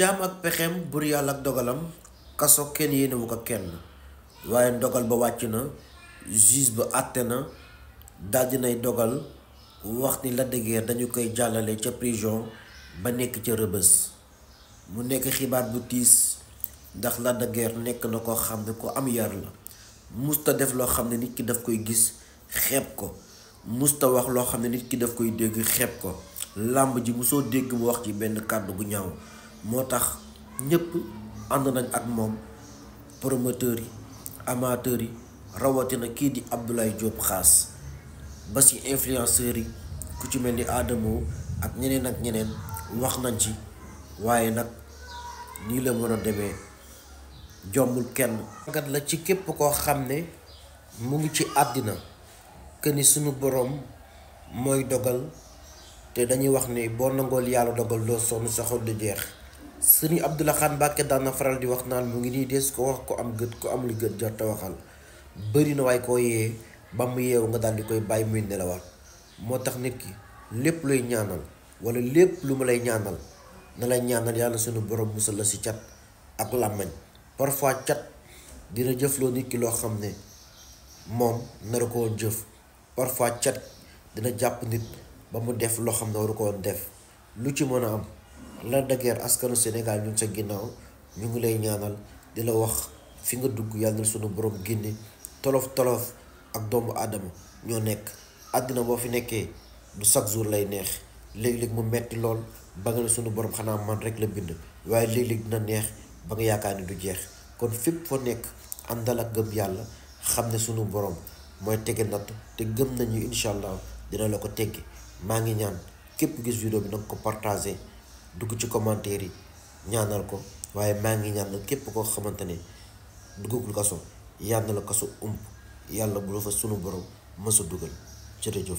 jaam ak pexeem bur yàlla ak dogalam kaso kenn yéenewu ko kenn waaye dogal ba wàcc na juge ba àtte na daldi nay dogal wax ni Lac de dañu koy jàllale ca prison ba nekk ca rëbës mu nekk xibaat bu tiis ndax Lac de nekk na koo xam ne ku am yar la musta def loo xam ne nit ki daf koy gis xepp ko musta wax loo xam ne nit ki daf koy dégg xeeb ko làmb ji musoo dégg mu wax ci benn kàddu gu ñaaw moo tax ñépp ànd nañ ak moom promoteur yi amateur yi rawatina kii di Abdoulaye Diop xaas ba ci influenceurs yi ku ci mel ni Adamo ak ñeneen ak ñeneen wax nañ ci waaye nag nii la mën a demee jombul kenn. magat la ci képp koo xam ne mu ngi ci àddina que ni suñu boroom mooy dogal te dañuy wax ni boo nangool yàlla dogal doo sonn sa xol du jeex. sëriñ Abdou Lahad Mbacké daana faral di wax naan mu ngi nii des ko wax ko am gët ko amul gët jot te waxal bëri na waaye koo yee ba mu yeewu nga daal di koy bàyyi muy nelawaat moo tax nit ki lépp luy ñaanal wala lépp lu ma lay ñaanal na lay ñaanal yàlla suñu borom musal la si cat ak làmmañ parfois cat dina jëfloo nit ki loo xam ne moom naru ko jëf parfois cat dina jàpp nit ba mu def loo xam ne waru ko def lu ci mën a am. Lac de askanu Sénégal ñu sa ginnaaw ñu ngi lay ñaanal di la wax fi nga dugg yàlla sunu borom génne tolof tolof ak doomu aadama ñoo nekk àddina boo fi nekkee du chaque jour lay neex léeg-léeg mu metti lool ba nga ne sunu borom xanaa man rek la bind waaye léeg-léeg dina neex ba nga yaakaar ni du jeex kon fépp foo nekk àndal ak gëm yàlla xam ne sunu borom mooy tege natt te gëm nañu incha allah dina la ko teggi maa ngi ñaan képp gis vidéo bi nag ko partagé. dugg ci commentaire yi ñaanal ko waaye maa ngi ñaanal képp koo xamante ne duggagul kaso yàlla na la kaso ump yàlla bu la fa sunu borom mësa dugal jërëjëf